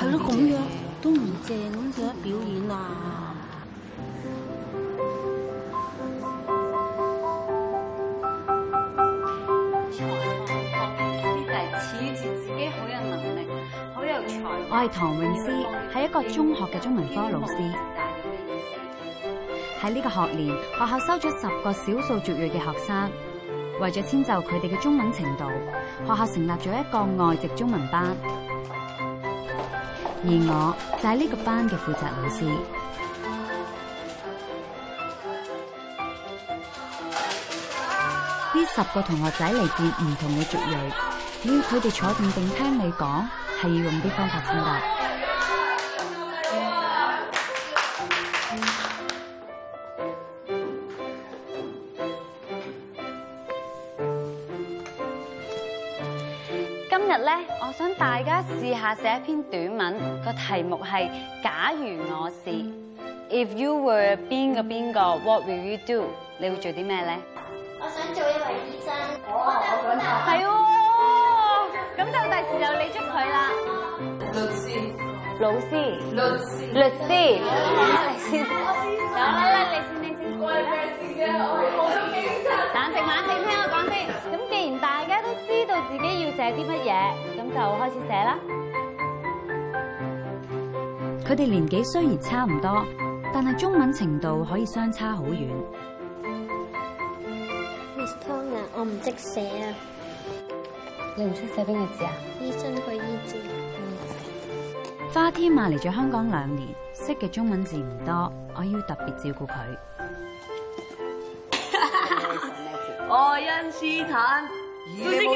係咯，咁樣都唔正咁做表演啊！我係唐詠詩，係是一個中學嘅中文科老師。喺呢個學年，學校收咗十個少數族裔嘅學生，為咗遷就佢哋嘅中文程度，學校成立咗一個外籍中文班。而我就喺呢個班嘅負責老師，呢十個同學仔嚟自唔同嘅族裔，只要佢哋坐定定聽你講，係要用啲方法先得。我想大家試下寫一篇短文，個題目係假如我是，If you were 邊個邊個，What will you do？你會做啲咩咧？我想做一位醫生。哦，我講啦。係喎，咁就第時就你捉佢啦。律師。老師。律師。老師。老師。好啦啦，老師你先講啦。冷靜冷靜，聽我講先。啲乜嘢？咁就開始寫啦。佢哋年紀雖然差唔多，但係中文程度可以相差好遠。嗯。Miss Tong 啊，我唔識寫啊。你唔識寫邊個字啊？醫生個醫字。嗯、花天馬嚟咗香港兩年，識嘅中文字唔多，我要特別照顧佢。愛因斯坦。喂，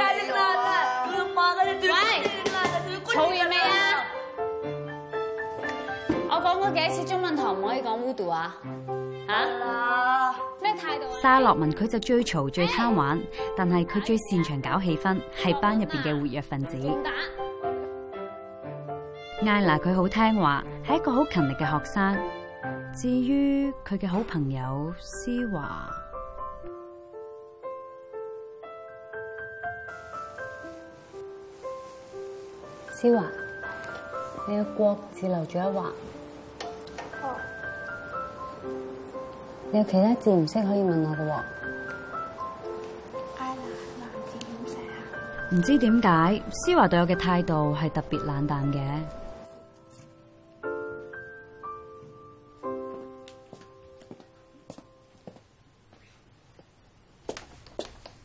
嘈完未啊？我講過幾次中文堂唔可以講烏都啊？態啊？咩態度？沙樂文佢就最嘈最貪玩，喂但係佢最擅長搞氣氛，係班入邊嘅活躍分子。打艾娜佢好聽話，係一個好勤力嘅學生。至於佢嘅好朋友思華。思華，si、wa，你個國字留住一劃。Oh. 你有其他字唔識可以問我㗎喎。艾娜，難字點寫啊？唔知點解，思華對我嘅態度係特別冷淡嘅。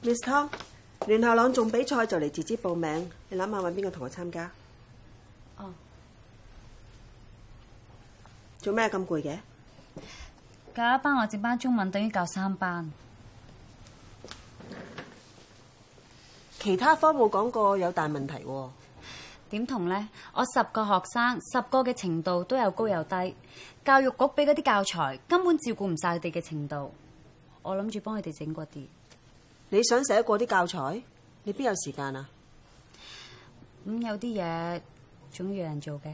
Miss Tong，聯合朗誦比賽就嚟截止報名，你諗下揾邊個同我參加？做咩咁攰嘅？麼麼教一班我接班中文等於教三班，其他科冇講過有大問題喎。點同咧？我十個學生，十個嘅程度都有高有低。教育局俾嗰啲教材根本照顧唔晒佢哋嘅程度。我諗住幫佢哋整嗰啲。你想寫過啲教材？你邊有時間啊？咁有啲嘢總要有人做嘅。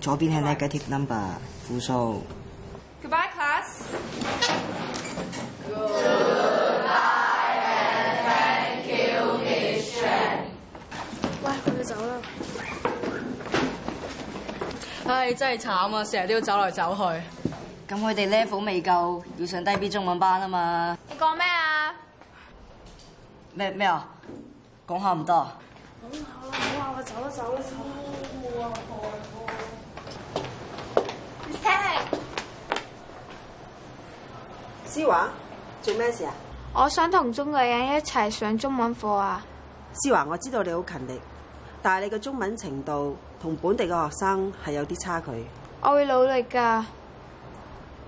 左邊係 negative number，負數。Goodbye, class. Goodbye and thank you, Miss Chan. 喂，佢哋走啦。唉，真係慘啊，成日都要走來走去。咁佢哋 level 未夠，要上低 B 中文班啊嘛。你講咩啊？咩咩啊？講下唔多。講下，我走啦，走啦，走啦，冇啊，我錯啦。詩華，做咩 Okay. 事啊？我想同中國人一齊上中文課啊！詩華，我知道你好勤力，但係你嘅中文程度同本地嘅學生係有啲差距。我會努力噶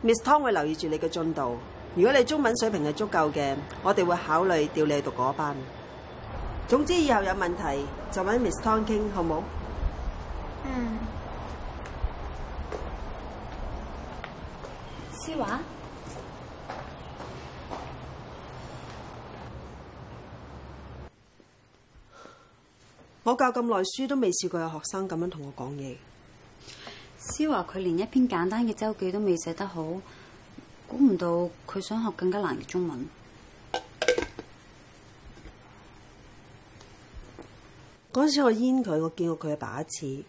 ，Miss Tong 會留意住你嘅進度。如果你中文水平係足夠嘅，我哋會考慮調你去讀嗰班。總之以後有問題就搵 Miss Tong 傾，好冇？嗯。我教咁耐書都未試過有學生咁樣同我講嘢。思華佢連一篇簡單嘅周記都未寫得好，估唔到佢想學更加難嘅中文。嗰時我煙佢，我見過佢阿爸，爸一次，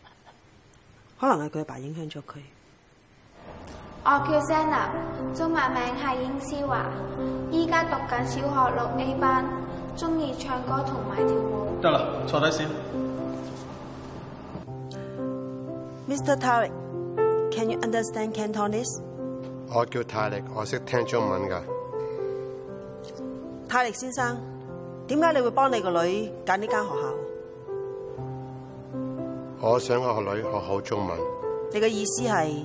可能係佢阿爸影響咗佢。我叫 Zainab，中文名係英思華，依家讀緊小學六 A 班，中意唱歌同埋跳舞。得啦，坐低先。Mr. Tariq，Can you understand Cantonese？我叫泰力，我識聽中文噶。泰力先生，點解你會幫你個女揀呢間學校？我想個女學好中文。你嘅意思係？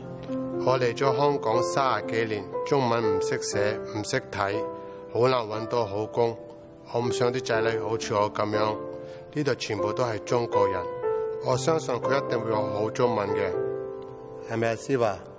我嚟咗香港三十幾年，中文唔識寫唔識睇，好難揾到好工。我唔想啲仔女好似我咁樣。呢度全部都係中國人，我相信佢一定會學好中文嘅。係咪呀，師傅？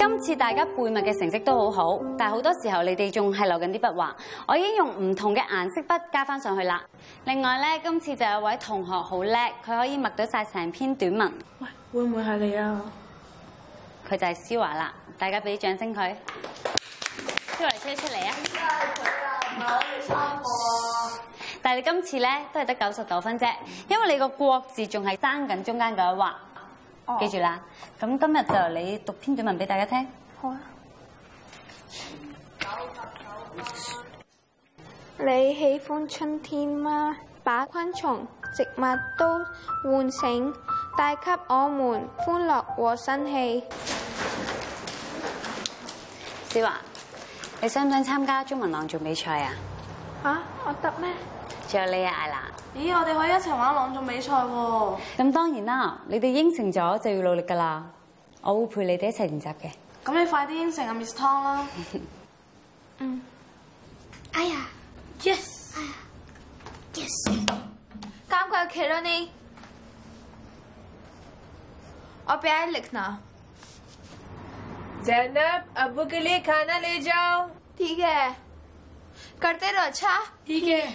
今次大家背默嘅成績都好好，但係好多時候你哋仲係留緊啲筆畫。我已經用唔同嘅顏色筆加翻上去啦。另外咧，今次就有位同學好叻，佢可以默到晒成篇短文。喂，會唔會係你啊？佢就係思華啦，大家俾掌聲佢。思華飛出嚟啊！佢啊，唔可以差我。但係你今次咧都係得九十九分啫，因為你個國字仲係爭緊中間一畫。哦、記住啦，咁今日就由你讀篇短文俾大家聽。好啊。你喜歡春天嗎？把昆蟲、植物都喚醒，帶給我們歡樂和生氣。小華，你想唔想參加中文朗誦比賽啊？吓、啊，我得咩？就你呀啦！咦，我哋可以一齊玩朗誦比賽喎。咁當然啦，你哋應承咗就要努力噶啦。我會陪你哋一齊練習嘅。咁你快啲應承阿 Miss Tong 啦。嗯。哎呀，Yes。哎呀，Yes。咁快慶祝你，我俾你努力嗱。ज、哎、呀़、哎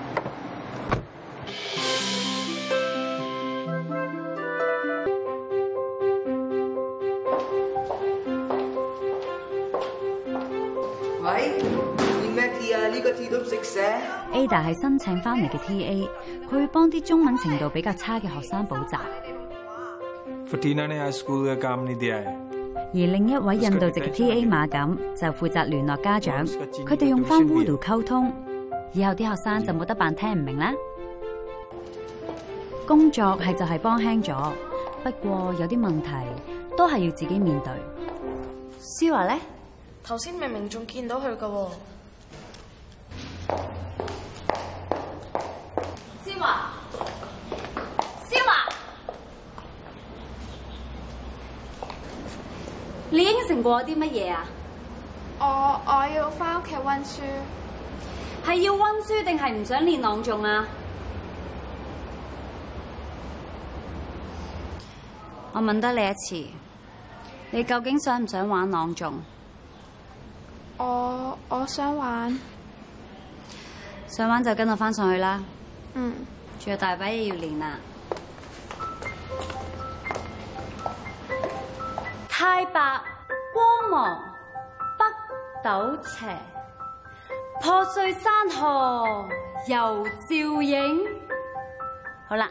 Ada 係申請翻嚟嘅 T A，佢會幫啲中文程度比較差嘅學生補習。而另一位印度籍 T A 馬噉，就負責聯絡家長，佢哋用翻烏度溝通，以後啲學生就冇得扮聽唔明啦。工作係就係幫輕咗，不過有啲問題都係要自己面對。思華咧，頭先明明仲見到佢噶喎。西馬，西馬，你應承過我啲乜嘢啊？我我要翻屋企溫書，係要溫書定係唔想練朗誦啊？我問得你一次，你究竟想唔想玩朗誦？我我想玩。上晚就跟我翻上去啦。嗯，仲有大把嘢要練啦。太白光芒北斗斜，破碎山河又照影。好啦，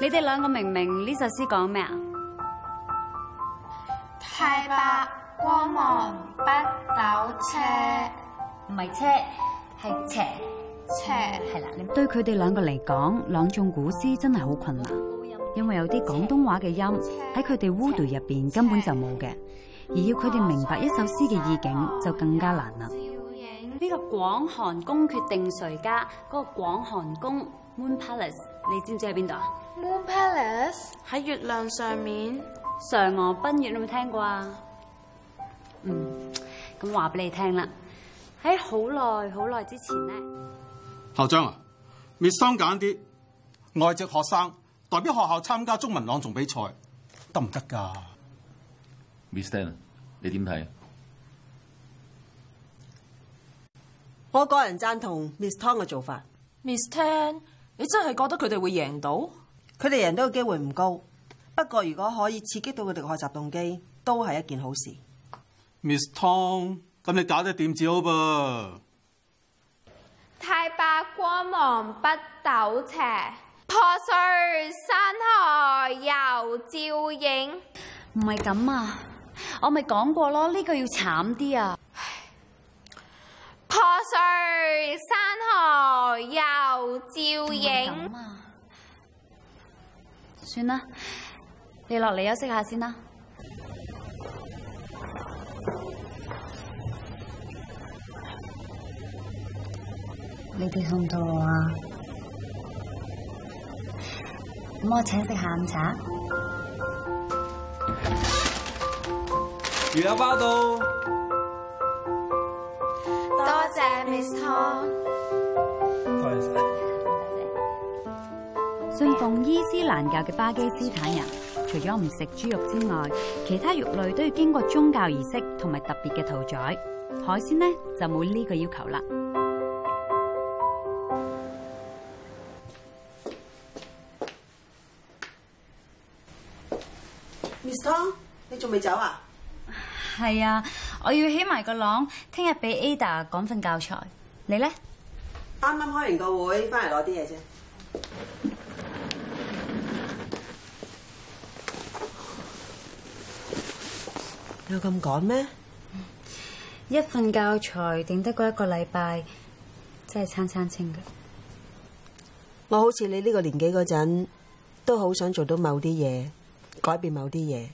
你哋兩個明唔明呢首詩講咩啊？太白光芒北斗斜，唔係斜，係斜。係啦，斜對佢哋兩個嚟講，朗誦古詩真係好困難，因為有啲廣東話嘅音喺佢哋 wood 入邊根本就冇嘅，而要佢哋明白一首詩嘅意境就更加難啦。呢、嗯嗯、個廣寒宮決定誰家？嗰、那個廣寒宮 Moon Palace，你知唔知喺邊度啊？Moon Palace 喺月亮上面。嫦娥奔月你有冇聽過啊？嗯，咁話俾你聽啦，喺好耐好耐之前咧。校長啊，Miss Tong 揀啲外籍學生代表學校參加中文朗誦比賽，得唔得噶？Miss Tan，你點睇？我個人讚同 Miss Tong 嘅做法。Miss Tan，你真係覺得佢哋會贏到？佢哋贏到嘅機會唔高，不過如果可以刺激到佢哋嘅學習動機，都係一件好事。Miss Tong，咁你搞得點至好噃？太白光芒不斗斜，破碎山河又照影。唔係咁啊，我咪講過咯，呢個要慘啲啊！破碎山河又照影。啊、算啦，你落嚟休息下先啦。你哋送到啊，咁我請食下午茶。如有包到，多謝 Miss Tong。信奉伊斯蘭教嘅巴基斯坦人，除咗唔食豬肉之外，其他肉類都要經過宗教儀式同埋特別嘅屠宰。海鮮呢，就冇呢個要求啦。Miss Tong，你仲未走啊？係啊，我要起埋個廊，聽日俾 Ada 趕份教材。你咧？啱啱開完個會，翻嚟攞啲嘢先。有咁趕咩？一份教材頂得過一個禮拜，真係餐餐清噶。我好似你呢個年紀嗰陣，都好想做到某啲嘢。改變某啲嘢，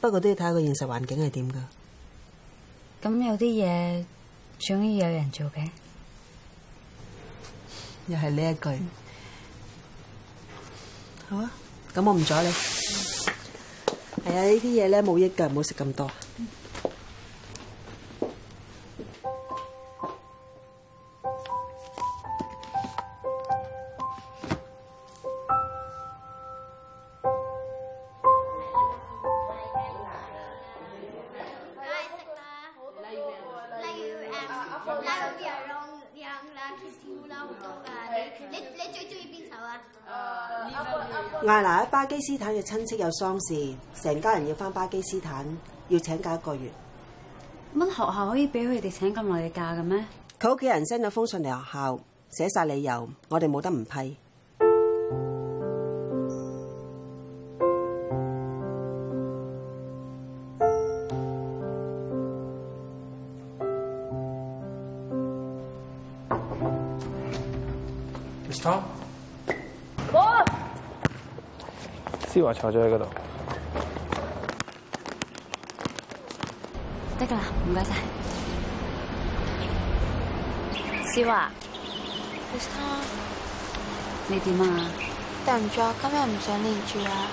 不過都要睇下個現實環境係點噶。咁有啲嘢總要有人做嘅，又係呢一句。嗯、好啊，咁我唔阻你。係啊、嗯哎，呢啲嘢咧冇益噶，唔好食咁多。巴基斯坦嘅親戚有喪事，成家人要翻巴基斯坦，要請假一個月。乜學校可以俾佢哋請咁耐嘅假嘅咩？佢屋企人 send 咗封信嚟學校，寫晒理由，我哋冇得唔批。.思華坐咗喺嗰度。得㗎喇，唔該晒。思華你點啊？對唔住啊，今日唔想練住啊。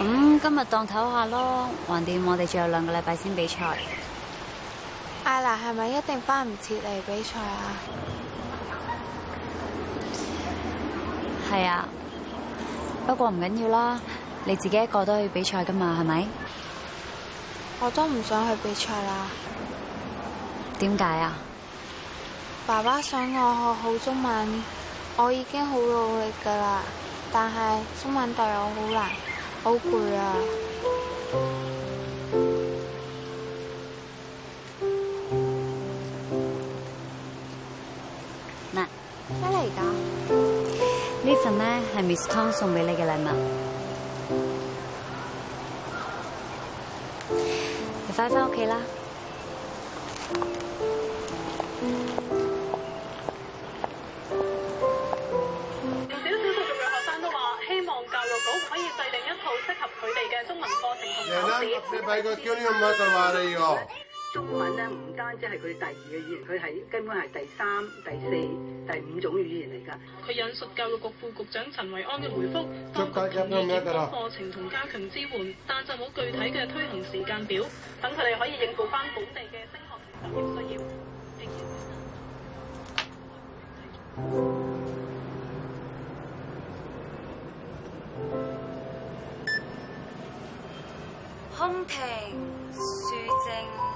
咁今日當唞下咯，橫掂我哋仲有兩個禮拜先比賽。艾娜係咪一定返唔切嚟比賽啊？係啊。不過唔緊要啦，你自己一個都去比賽噶嘛，係咪？我都唔想去比賽啦。點解啊？爸爸想我學好中文，我已經好努力噶啦，但係中文對我好難，好攰啊。呢係 Miss Tong 送俾你嘅禮物，你快翻屋企啦！有少少數嘅學生都話，希望教育局可以制定一套適合佢哋嘅中文課程和考試 中文咧，唔單止係佢第二嘅語言，佢係根本係第三、第四、第五種語言嚟噶。佢引述教育局副局長陳維安嘅回覆，當局有意增加課程同加強支援，但就冇具體嘅推行時間表，等佢哋可以應付翻本地嘅升學需要。空庭樹靜。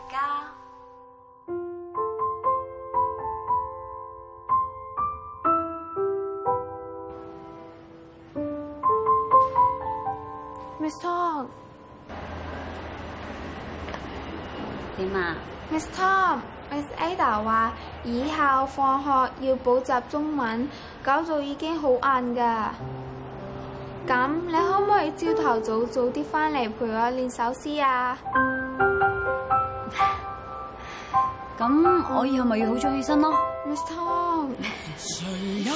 點啊，Miss Tong，Miss Ada 話以後放學要補習中文，搞到已經好晏㗎。咁你可唔可以朝頭早早啲翻嚟陪我練首詩啊？咁 我以後咪要好早起身咯。Miss Tong。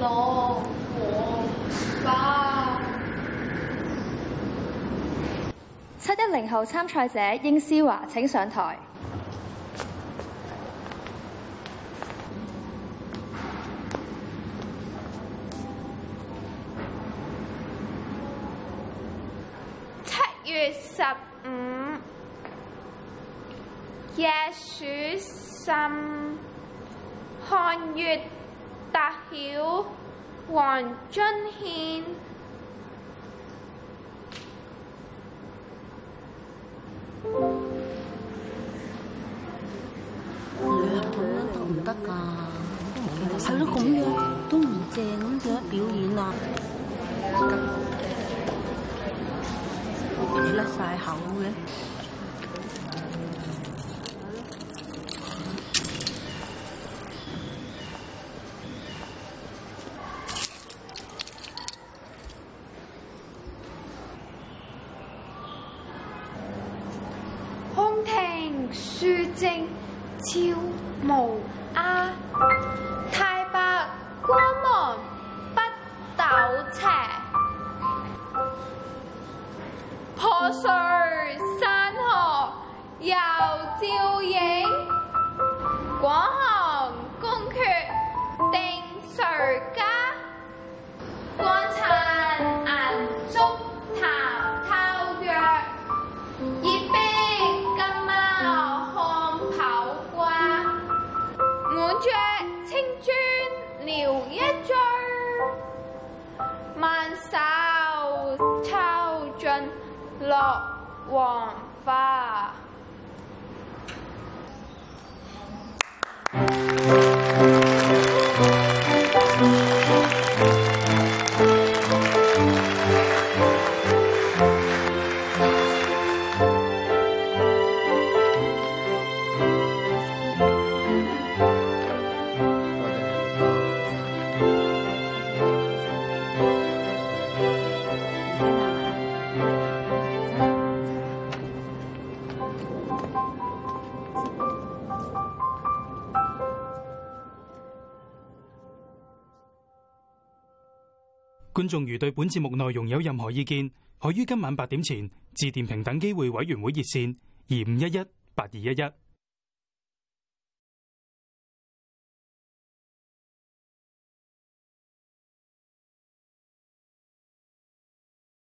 龍、虎、七一零號參賽者英思華，請上台。七月十五夜，暑深，看月。達曉、黃俊憲，你咁樣都唔得㗎，係咯，咁樣都唔正，咁樣表演啊，甩晒口嘅。觀眾如對本節目內容有任何意見，可於今晚八點前致電平等機會委員會熱線二五一一八二一一。